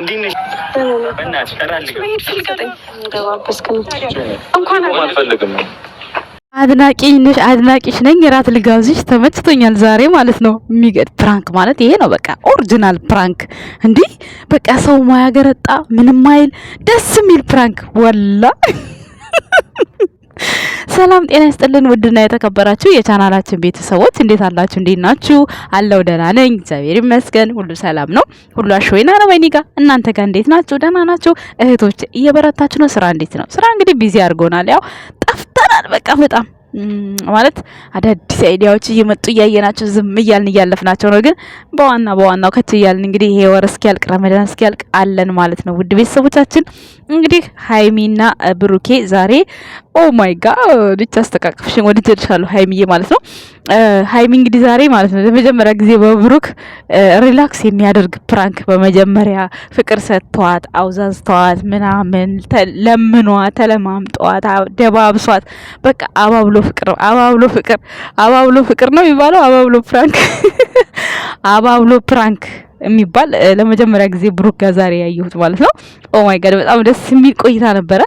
እንዴት ነሽ? በእናትሽ አድናቂሽ ነሽ አድናቂሽ ነኝ። የራት ልጋብዝሽ ተመችቶኛል ዛሬ ማለት ነው። የሚገድ ፕራንክ ማለት ይሄ ነው። በቃ ኦሪጂናል ፕራንክ እንዲህ በቃ ሰው ማያገረጣ ምንም አይል ደስ የሚል ፕራንክ ወላ ሰላም ጤና ይስጥልን። ውድና የተከበራችሁ የቻናላችን ቤተሰቦች እንዴት አላችሁ? እንዴት ናችሁ? አለው ደህና ነኝ፣ እግዚአብሔር ይመስገን፣ ሁሉ ሰላም ነው። ሁሉ አሽወይና ነው ወይኔ እናንተ ጋር እንዴት ናችሁ? ደህና ናችሁ? እህቶች እየበረታችሁ ነው። ስራ እንዴት ነው? ስራ እንግዲህ ቢዚ አድርጎናል። ያው ጠፍተናል፣ በቃ በጣም ማለት አዳዲስ አይዲያዎች እየመጡ እያየናቸው ዝም እያልን እያለፍናቸው ነው። ግን በዋና በዋናው ከት እያልን እንግዲህ ይሄ ወር እስኪያልቅ ረመዳን እስኪያልቅ አለን ማለት ነው። ውድ ቤተሰቦቻችን እንግዲህ ሀይሚና ብሩኬ ዛሬ ኦ ማይ ጋድ ብቻ አስተቃቀፍሽን ወደ ትድሻለሁ ሀይሚዬ ማለት ነው። ሀይሚ እንግዲህ ዛሬ ማለት ነው ለመጀመሪያ ጊዜ በብሩክ ሪላክስ የሚያደርግ ፕራንክ በመጀመሪያ ፍቅር ሰጥተዋት አውዛዝተዋት ምናምን ለምኗ ተለማምጠዋት ደባብሷት በቃ አባብሎ ፍቅር አባብሎ ፍቅር አባብሎ ፍቅር ነው የሚባለው። አባብሎ ፕራንክ አባብሎ ፕራንክ የሚባል ለመጀመሪያ ጊዜ ብሩክ ጋር ዛሬ ያየሁት ማለት ነው። ኦ ማይ ጋድ በጣም ደስ የሚል ቆይታ ነበረ።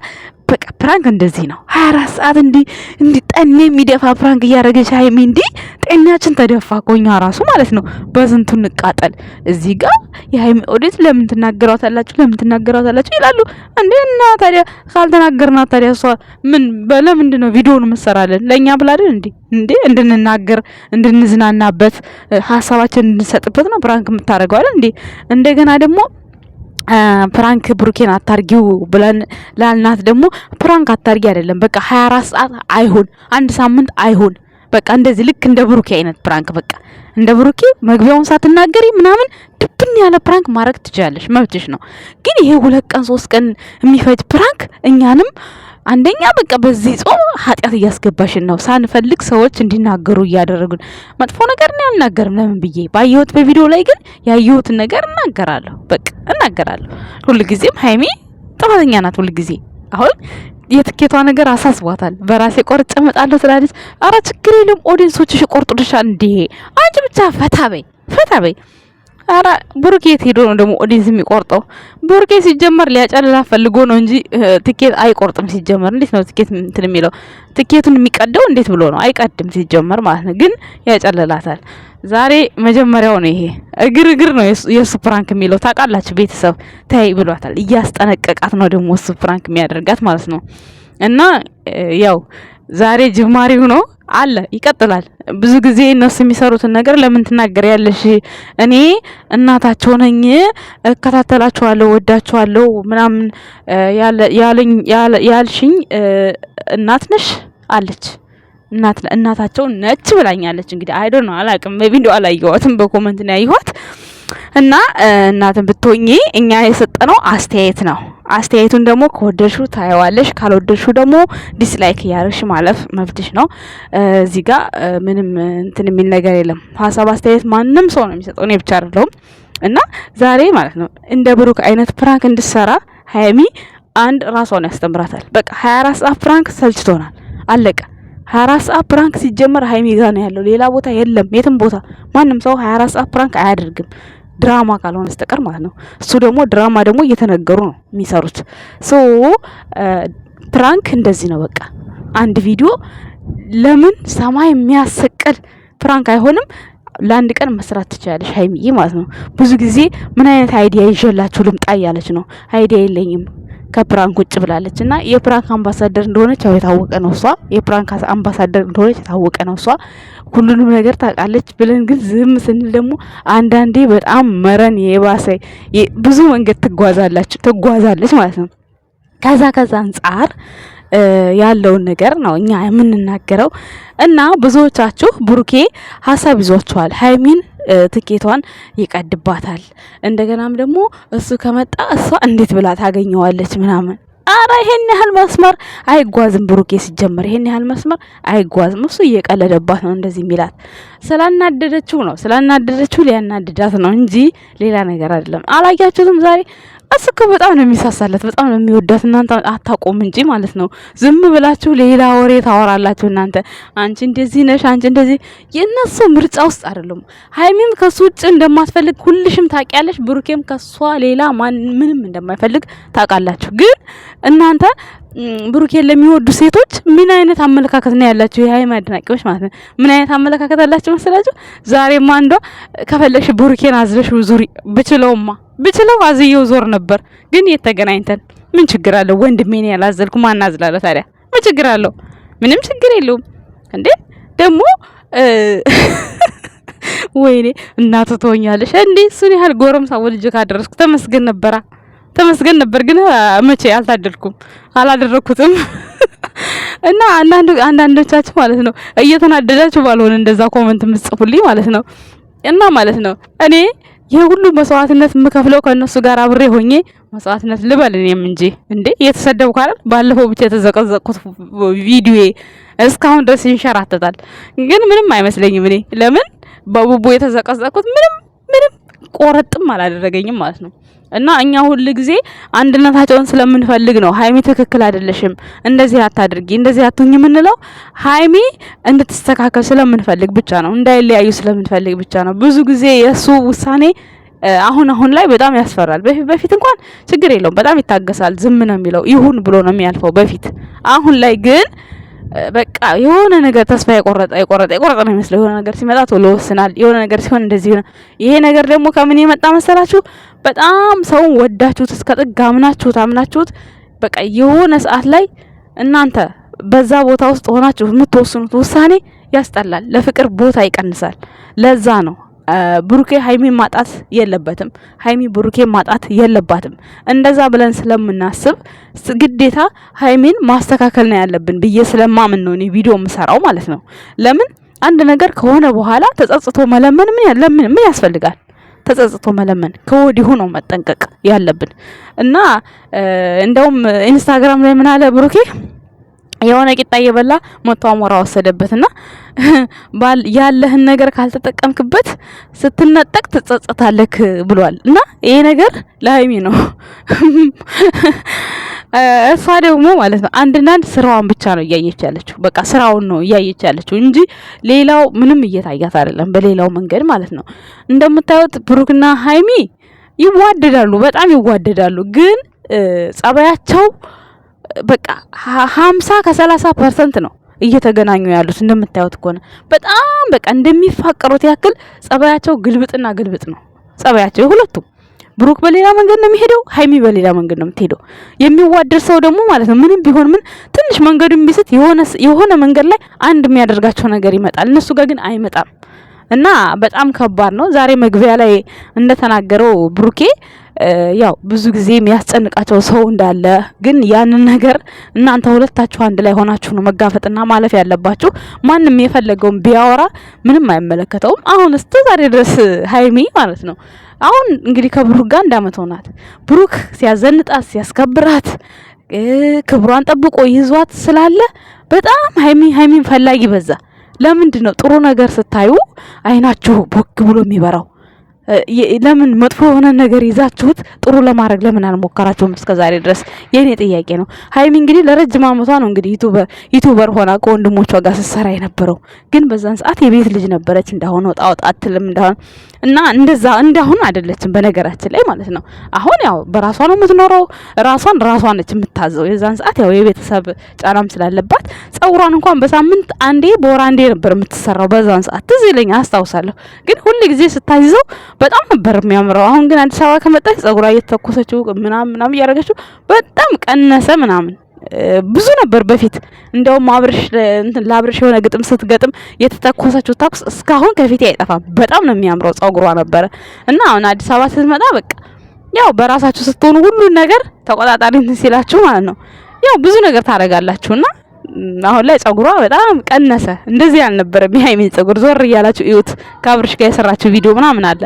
በቃ ፕራንክ እንደዚህ ነው። 24 ሰዓት እንዲህ እንዲ ጠኔ የሚደፋ ፕራንክ እያደረገች ሀይሚ እንዲህ ጤናችን ተደፋ እኮ እኛ ራሱ ማለት ነው። በስንቱ እንቃጠል። እዚህ ጋር የሀይሚ ኦዲት ለምን ትናገሯታላችሁ? ለምን ትናገሯታላችሁ ይላሉ እንዴ። እና ታዲያ ካልተናገርናት ታዲያ እሷ ምን በለምንድን ነው ቪዲዮውን ምሰራለን? ለእኛ ብላለን እንዴ እንዴ እንድንናገር እንድንዝናናበት ሀሳባችን እንድንሰጥበት ነው ፕራንክ የምታደርገዋለን እንዴ እንደገና ደግሞ ፕራንክ ብሩኬን አታርጊው ብለን ላልናት ደግሞ ፕራንክ አታርጊ አይደለም፣ በቃ 24 ሰዓት አይሆን፣ አንድ ሳምንት አይሆን በቃ እንደዚህ ልክ እንደ ብሩኬ አይነት ፕራንክ በቃ እንደ ብሩኬ መግቢያውን ሳትናገሪ ምናምን ድብን ያለ ፕራንክ ማድረግ ትችላለሽ፣ መብትሽ ነው። ግን ይሄ ሁለት ቀን ሶስት ቀን የሚፈጅ ፕራንክ እኛንም አንደኛ በቃ በዚህ ጾም ኃጢአት እያስገባሽን ነው። ሳንፈልግ ሰዎች እንዲናገሩ እያደረጉን። መጥፎ ነገር እኔ አልናገርም። ለምን ብዬ ባየሁት በቪዲዮ ላይ ግን ያየሁትን ነገር እናገራለሁ። በቃ እናገራለሁ። ሁልጊዜም ሀይሜ ጥፋተኛ ናት። ሁልጊዜ አሁን የትኬቷ ነገር አሳስቧታል። በራሴ ቆርጬ እመጣለሁ ስላለች አረ ችግር የለም ኦዲየንሶችሽ ይቆርጡልሻል። እንዴ አንቺ ብቻ ፈታ በይ ፈታ በይ። አረ ብሩኬ የት ሄዶ ነው ደግሞ ኦዲንስ የሚቆርጠው? ብሩኬ ሲጀመር ሊያጨልላ ፈልጎ ነው እንጂ ትኬት አይቆርጥም። ሲጀመር እንዴት ነው ትኬት እንትን የሚለው? ትኬቱን የሚቀደው እንዴት ብሎ ነው? አይቀድም ሲጀመር ማለት ነው። ግን ያጨልላታል። ዛሬ መጀመሪያው ነው። ይሄ እግር እግር ነው የእሱ ፕራንክ የሚለው ታውቃላችሁ። ቤተሰብ ተይ ብሏታል። እያስጠነቀቃት ነው ደግሞ እሱ ፕራንክ የሚያደርጋት ማለት ነው። እና ያው ዛሬ ጅማሪው ነው አለ ይቀጥላል። ብዙ ጊዜ እነሱ የሚሰሩትን ነገር ለምን ትናገር ያለሽ? እኔ እናታቸው ነኝ፣ እከታተላችኋለሁ፣ ወዳችኋለሁ ምናምን ያልሽኝ እናት ነሽ አለች እናታቸው ነች ብላኛለች። እንግዲህ አይዶ ነው አላቅም፣ ቢ እንዲ አላየዋትም፣ በኮመንት ነው ያየኋት። እና እናትን ብትሆኚ እኛ የሰጠነው አስተያየት ነው። አስተያየቱን ደግሞ ከወደድሹ ታየዋለሽ፣ ካልወደድሹ ደግሞ ዲስላይክ እያደረግሽ ማለፍ መብትሽ ነው። እዚህ ጋር ምንም እንትን የሚል ነገር የለም። ሀሳብ አስተያየት ማንም ሰው ነው የሚሰጠው፣ እኔ ብቻ አይደለሁም። እና ዛሬ ማለት ነው እንደ ብሩክ አይነት ፕራንክ እንድሰራ ሀይሚ አንድ ራሷን ያስተምራታል። በቃ ሀያ አራት ሰዓት ፕራንክ ሰልችቶናል፣ አለቀ። ሀያ ሰዓት ፕራንክ ሲጀመር ሀይሚ ጋ ነው ያለው፣ ሌላ ቦታ የለም። የትም ቦታ ማንም ሰው ሀያ አራት ሰዓት ፕራንክ አያደርግም፣ ድራማ ካልሆነ በስተቀር ማለት ነው። እሱ ደግሞ ድራማ ደግሞ እየተነገሩ ነው የሚሰሩት። ሶ ፕራንክ እንደዚህ ነው በቃ አንድ ቪዲዮ ለምን ሰማይ የሚያሰቀል ፕራንክ አይሆንም? ለአንድ ቀን መስራት ትችላለች ሀይሚዬ ማለት ነው። ብዙ ጊዜ ምን አይነት አይዲያ ይዤላችሁ ልምጣ እያለች ነው። አይዲያ የለኝም ከፕራንክ ውጭ ብላለች እና የፕራንክ አምባሳደር እንደሆነች ያው የታወቀ ነው። እሷ የፕራንክ አምባሳደር እንደሆነች የታወቀ ነው። እሷ ሁሉንም ነገር ታውቃለች ብለን ግን ዝም ስንል ደግሞ አንዳንዴ በጣም መረን የባሰ ብዙ መንገድ ትጓዛለች ማለት ነው። ከዛ ከዛ አንጻር ያለውን ነገር ነው እኛ የምንናገረው እና ብዙዎቻችሁ ብሩኬ ሀሳብ ይዟችኋል ሀይሚን ትኬቷን ይቀድባታል። እንደገናም ደግሞ እሱ ከመጣ እሷ እንዴት ብላ ታገኘዋለች ምናምን አረ ይሄን ያህል መስመር አይጓዝም። ብሩኬ ሲጀመር ይሄን ያህል መስመር አይጓዝም። እሱ እየቀለደባት ነው እንደዚህ የሚላት ስላናደደችው ነው ስላናደደችው ሊያናድዳት ነው እንጂ ሌላ ነገር አይደለም። አላያችሁትም? ዛሬ እስኮ በጣም ነው የሚሳሳለት፣ በጣም ነው የሚወዳት። እናንተ አታቆም እንጂ ማለት ነው። ዝም ብላችሁ ሌላ ወሬ ታወራላችሁ እናንተ። አንቺ እንደዚህ ነሽ፣ አንቺ እንደዚህ። የእነሱ ምርጫ ውስጥ አይደለም። ሀይሚም ከሱ ውጭ እንደማትፈልግ ሁልሽም ታውቂያለሽ። ብሩኬም ከሷ ሌላ ማን ምንም እንደማይፈልግ ታውቃላችሁ። ግን እናንተ ብሩኬን ለሚወዱ ሴቶች ምን አይነት አመለካከት ነው ያላቸው? የሀይሚ አድናቂዎች ማለት ነው። ምን አይነት አመለካከት አላቸው መሰላችሁ? ዛሬማ አንዷ ከፈለግሽ ብሩኬን አዝለሽ ዙሪ። ብችለውማ ብችለው አዝየው ዞር ነበር፣ ግን የተገናኝተን ምን ችግር አለው? ወንድሜን ያላዘልኩ ማን አዝላለሁ ታዲያ? ምን ችግር አለው? ምንም ችግር የለውም እንዴ ደግሞ ወይኔ እናቱ ትሆኛለሽ እንዴ? እሱን ያህል ጎረምሳ ወልጅ ካደረስኩ ተመስገን ነበራ። ተመስገን ነበር። ግን መቼ አልታደልኩም፣ አላደረኩትም። እና አንዳንድ አንዳንዶቻችሁ ማለት ነው እየተናደዳችሁ ባልሆነ እንደዛ ኮመንት የምትጽፉልኝ ማለት ነው እና ማለት ነው እኔ ይሄ ሁሉ መስዋዕትነት የምከፍለው ከእነሱ ጋር አብሬ ሆኜ መስዋዕትነት ልበል እኔም እንጂ እንዴ እየተሰደቡ ካላል ባለፈው ብቻ የተዘቀዘቁት ቪዲዮ እስካሁን ድረስ ይንሸራተታል። ግን ምንም አይመስለኝም። እኔ ለምን በቡቡ የተዘቀዘቁት ምንም ምንም ቆረጥም አላደረገኝም ማለት ነው። እና እኛ ሁል ጊዜ አንድነታቸውን ስለምንፈልግ ነው። ሀይሚ ትክክል አይደለሽም፣ እንደዚህ አታድርጊ፣ እንደዚህ አትሁኝ የምንለው ሀይሚ እንድትስተካከል ስለምንፈልግ ብቻ ነው። እንዳይለያዩ ስለምንፈልግ ብቻ ነው። ብዙ ጊዜ የእሱ ውሳኔ አሁን አሁን ላይ በጣም ያስፈራል። በፊት እንኳን ችግር የለውም፣ በጣም ይታገሳል፣ ዝም ነው የሚለው፣ ይሁን ብሎ ነው የሚያልፈው በፊት። አሁን ላይ ግን በቃ የሆነ ነገር ተስፋ የቆረጠ የቆረጠ የቆረጠ ነው የሚመስለው። የሆነ ነገር ሲመጣ ቶሎ ወስናል። የሆነ ነገር ሲሆን እንደዚህ ነው። ይሄ ነገር ደግሞ ከምን የመጣ መሰላችሁ? በጣም ሰውን ወዳችሁት እስከ ጥግ አምናችሁት አምናችሁት በቃ የሆነ ሰዓት ላይ እናንተ በዛ ቦታ ውስጥ ሆናችሁ የምትወስኑት ውሳኔ ያስጠላል። ለፍቅር ቦታ ይቀንሳል። ለዛ ነው ብሩኬ ሀይሚ ማጣት የለበትም፣ ሀይሚ ብሩኬ ማጣት የለባትም። እንደዛ ብለን ስለምናስብ ግዴታ ሀይሚን ማስተካከል ነው ያለብን ብዬ ስለማምን ነው እኔ ቪዲዮ የምሰራው ማለት ነው። ለምን አንድ ነገር ከሆነ በኋላ ተጸጽቶ መለመን ምን ምን ያስፈልጋል? ተጸጽቶ መለመን ከወዲሁ ነው መጠንቀቅ ያለብን እና እንደውም ኢንስታግራም ላይ ምን አለ ብሩኬ የሆነ ቂጣ እየበላ መቶ አሞራ ወሰደበትና ያለህን ነገር ካልተጠቀምክበት ስትነጠቅ ትጸጸታለክ ብሏል። እና ይሄ ነገር ለሀይሚ ነው። እሷ ደግሞ ማለት ነው አንድና አንድ ስራዋን ብቻ ነው እያየች ያለችው። በቃ ስራውን ነው እያየች ያለችው እንጂ ሌላው ምንም እየታያት አይደለም። በሌላው መንገድ ማለት ነው። እንደምታዩት ብሩክና ሀይሚ ይዋደዳሉ፣ በጣም ይዋደዳሉ። ግን ጸባያቸው በቃ ሀምሳ ከሰላሳ ፐርሰንት ነው እየተገናኙ ያሉት። እንደምታዩት ከሆነ በጣም በቃ እንደሚፋቀሩት ያክል ጸባያቸው ግልብጥና ግልብጥ ነው ጸባያቸው የሁለቱም። ብሩክ በሌላ መንገድ ነው የሚሄደው፣ ሀይሚ በሌላ መንገድ ነው የምትሄደው። የሚዋደድ ሰው ደግሞ ማለት ነው ምንም ቢሆን ምን ትንሽ መንገዱ የሚስት የሆነ መንገድ ላይ አንድ የሚያደርጋቸው ነገር ይመጣል። እነሱ ጋር ግን አይመጣም እና በጣም ከባድ ነው። ዛሬ መግቢያ ላይ እንደተናገረው ብሩኬ ያው ብዙ ጊዜ የሚያስጨንቃቸው ሰው እንዳለ ግን ያንን ነገር እናንተ ሁለታችሁ አንድ ላይ ሆናችሁ ነው መጋፈጥና ማለፍ ያለባችሁ። ማንም የፈለገውን ቢያወራ ምንም አይመለከተውም። አሁን እስከ ዛሬ ድረስ ሀይሚ ማለት ነው አሁን እንግዲህ ከብሩክ ጋር እንዳመት ሆናት። ብሩክ ሲያዘንጣት ሲያስከብራት ክብሯን ጠብቆ ይዟት ስላለ በጣም ሀይሚ ሀይሚን ፈላጊ በዛ። ለምንድን ነው ጥሩ ነገር ስታዩ አይናችሁ ቦግ ብሎ የሚበራው? ለምን መጥፎ የሆነ ነገር ይዛችሁት ጥሩ ለማድረግ ለምን አልሞከራችሁም ዛሬ ድረስ? የእኔ ጥያቄ ነው። ሀይሚ እንግዲህ ለረጅም ዓመቷ ነው እንግዲህ ዩቱበር ሆና ከወንድሞቿ ጋር ስትሰራ የነበረው ግን በዛን ሰዓት የቤት ልጅ ነበረች። እንዳሁን ወጣ ወጣ አትልም እንዳሁን እና እንደዛ እንዳሁን አይደለችም፣ በነገራችን ላይ ማለት ነው። አሁን ያው በራሷ ነው የምትኖረው። ራሷን ራሷ ነች የምታዘው። የዛን ሰዓት ያው የቤተሰብ ጫናም ስላለባት ጸጉሯን እንኳን በሳምንት አንዴ በወር አንዴ ነበር የምትሰራው። በዛን ሰዓት ትዝ ይለኛል፣ አስታውሳለሁ። ግን ሁል ጊዜ ስታይዘው በጣም ነበር የሚያምረው። አሁን ግን አዲስ አበባ ከመጣች ጸጉሯ እየተተኮሰችው ምናምን ምናምን እያደረገችው በጣም ቀነሰ ምናምን ብዙ ነበር በፊት። እንደውም አብርሽ ለአብርሽ የሆነ ግጥም ስትገጥም የተተኮሰችው ተኩስ እስካሁን ከፊቴ አይጠፋም። በጣም ነው የሚያምረው ጸጉሯ ነበረ እና አሁን አዲስ አበባ ስትመጣ በቃ ያው በራሳችሁ ስትሆኑ ሁሉን ነገር ተቆጣጣሪ እንትን ሲላችሁ ማለት ነው ያው ብዙ ነገር ታደርጋላችሁና አሁን ላይ ጸጉሯ በጣም ቀነሰ። እንደዚህ አልነበረም የሀይሚን ጸጉር። ዞር እያላችሁ እዩት። ከአብርሽ ጋር የሰራችሁ ቪዲዮ ምናምን አለ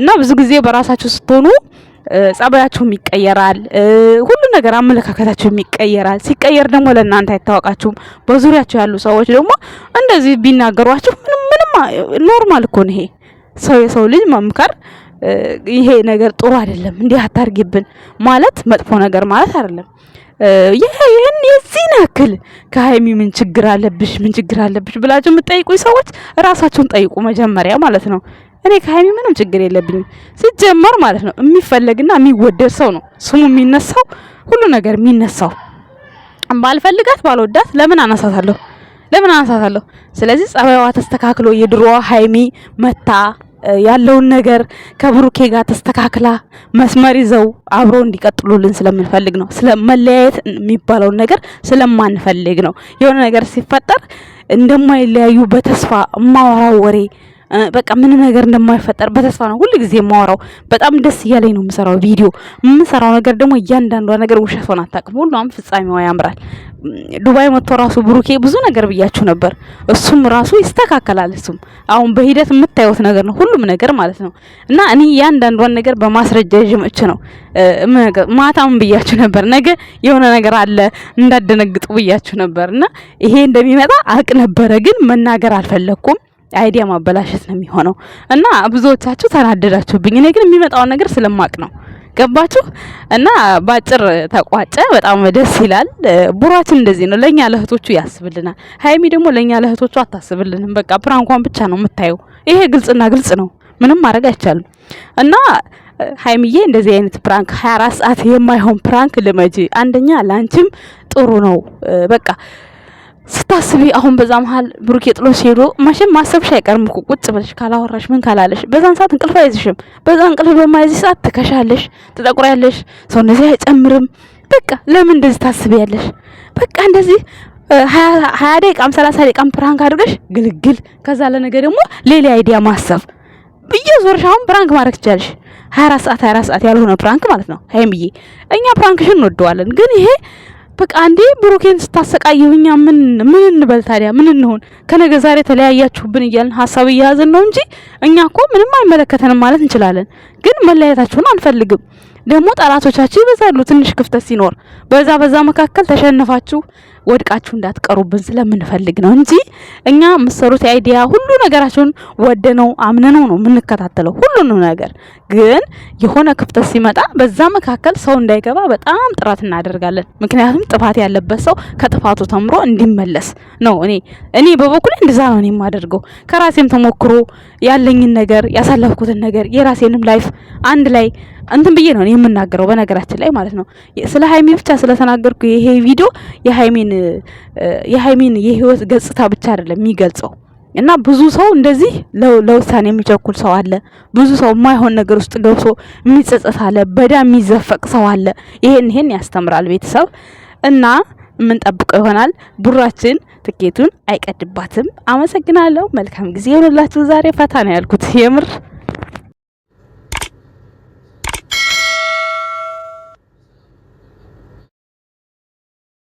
እና ብዙ ጊዜ በራሳችሁ ስትሆኑ ጸባያችሁም ይቀየራል። ሁሉ ነገር አመለካከታችሁም ይቀየራል። ሲቀየር ደግሞ ለእናንተ አይታወቃችሁም። በዙሪያችሁ ያሉ ሰዎች ደግሞ እንደዚህ ቢናገሯችሁ ምንም ኖርማል እኮ ነው ይሄ ሰው የሰው ልጅ መምከር ይሄ ነገር ጥሩ አይደለም፣ እንዲህ አታርጊብን ማለት መጥፎ ነገር ማለት አይደለም። ይህን የዚህን ያክል ከሀይሚ ምን ችግር አለብሽ? ምን ችግር አለብሽ ብላችሁ የምትጠይቁኝ ሰዎች ራሳችሁን ጠይቁ መጀመሪያ ማለት ነው። እኔ ከሀይሚ ምንም ችግር የለብኝም ሲጀመር ማለት ነው። የሚፈለግና የሚወደድ ሰው ነው ስሙ የሚነሳው፣ ሁሉ ነገር የሚነሳው። ባልፈልጋት ባልወዳት ለምን አነሳታለሁ? ለምን አነሳታለሁ? ስለዚህ ጸባይዋ ተስተካክሎ የድሮዋ ሀይሚ መታ ያለውን ነገር ከብሩኬ ጋር ተስተካክላ መስመር ይዘው አብሮ እንዲቀጥሉልን ስለምንፈልግ ነው። ስለመለያየት የሚባለውን ነገር ስለማንፈልግ ነው። የሆነ ነገር ሲፈጠር እንደማይለያዩ በተስፋ እማወራው ወሬ በቃ ምንም ነገር እንደማይፈጠር በተስፋ ነው ሁሉ ጊዜ የማወራው። በጣም ደስ እያለኝ ነው የምሰራው ቪዲዮ። የምሰራው ነገር ደግሞ እያንዳንዷ ነገር ውሸት ሆና አታውቅም። ሁሉም ፍጻሜዋ ያምራል። ዱባይ መጥቶ ራሱ ብሩኬ ብዙ ነገር ብያችሁ ነበር። እሱም ራሱ ይስተካከላል። እሱም አሁን በሂደት የምታዩት ነገር ነው ሁሉም ነገር ማለት ነው። እና እኔ እያንዳንዷን ነገር በማስረጃ ይዤ መጥቼ ነው ማታም ብያችሁ ነበር። ነገ የሆነ ነገር አለ እንዳደነግጡ ብያችሁ ነበር እና ይሄ እንደሚመጣ አውቅ ነበረ፣ ግን መናገር አልፈለኩም። አይዲያ ማበላሸት ነው የሚሆነው እና ብዙዎቻችሁ ተናደዳችሁብኝ። እኔ ግን የሚመጣውን ነገር ስለማቅ ነው። ገባችሁ? እና ባጭር ተቋጨ። በጣም ደስ ይላል። ቡራችን እንደዚህ ነው፣ ለኛ ለእህቶቹ ያስብልናል። ሀይሚ ደግሞ ለኛ ለእህቶቹ አታስብልንም። በቃ ፕራንኳን ብቻ ነው የምታየው። ይሄ ግልጽና ግልጽ ነው። ምንም ማድረግ አይቻልም። እና ሀይሚዬ እንደዚህ አይነት ፕራንክ 24 ሰዓት የማይሆን ፕራንክ ልመጂ። አንደኛ ላንቺም ጥሩ ነው። በቃ ስታስቢ አሁን በዛ መሀል ብሩክ የጥሎ ሲሄዱ መቼም ማሰብሽ አይቀርም እኮ ቁጭ ብለሽ ካላወራሽ ምን ካላለሽ፣ በዛን ሰዓት እንቅልፍ አይዝሽም። በዛ እንቅልፍ በማይዝሽ ሰዓት ትከሻለሽ፣ ትጠቁሪያለሽ፣ ሰውነትሽ አይጨምርም። በቃ ለምን እንደዚህ ታስቢያለሽ? በቃ እንደዚህ ሀያ ደቂቃም ሰላሳ ደቂቃም ፕራንክ አድርገሽ ግልግል፣ ከዛ ለነገ ደግሞ ሌላ አይዲያ ማሰብ ብዬ ዞርሽ። አሁን ፕራንክ ማድረግ ትችላለሽ። ሀያ አራት ሰዓት ሀያ አራት ሰዓት ያልሆነ ፕራንክ ማለት ነው። ብዬ እኛ ፕራንክሽን እንወደዋለን፣ ግን ይሄ በቃ አንዴ ብሩኬን ስታሰቃየው እኛ ምን ምን እንበል ታዲያ? ምን እንሆን? ከነገ ዛሬ ተለያያችሁብን እያልን ሀሳብ እየያዝን ነው እንጂ እኛ እኮ ምንም አይመለከተንም ማለት እንችላለን። ግን መለያየታችሁን አንፈልግም። ደግሞ ጠላቶቻችሁ ይበዛሉ። ትንሽ ክፍተት ሲኖር በዛ በዛ መካከል ተሸንፋችሁ ወድቃችሁ እንዳትቀሩብን ስለምንፈልግ ነው እንጂ እኛ የምትሰሩት አይዲያ ሁሉ ነገራችሁን ወደነው አምነነው ነው የምንከታተለው ሁሉንም ነገር። ግን የሆነ ክፍተት ሲመጣ በዛ መካከል ሰው እንዳይገባ በጣም ጥረት እናደርጋለን። ምክንያቱም ጥፋት ያለበት ሰው ከጥፋቱ ተምሮ እንዲመለስ ነው። እኔ እኔ በበኩሌ እንደዛ ነው እኔ የማደርገው። ከራሴም ተሞክሮ ያለኝን ነገር ያሳለፍኩትን ነገር የራሴንም ላይፍ አንድ ላይ እንትን ብዬ ነው የምናገረው። በነገራችን ላይ ማለት ነው ስለ ሀይሜ ብቻ ስለተናገርኩ ይሄ ቪዲዮ የሀይሜን የሀይሚን የህይወት ገጽታ ብቻ አይደለም የሚገልጸው እና ብዙ ሰው እንደዚህ ለውሳኔ የሚቸኩል ሰው አለ። ብዙ ሰው የማይሆን ነገር ውስጥ ገብሶ የሚጸጸት አለ። በዳ የሚዘፈቅ ሰው አለ። ይሄን ይሄን ያስተምራል ቤተሰብ እና የምንጠብቀው ይሆናል። ቡራችን ትኬቱን አይቀድባትም። አመሰግናለሁ። መልካም ጊዜ የሆነላችሁ። ዛሬ ፈታ ነው ያልኩት የምር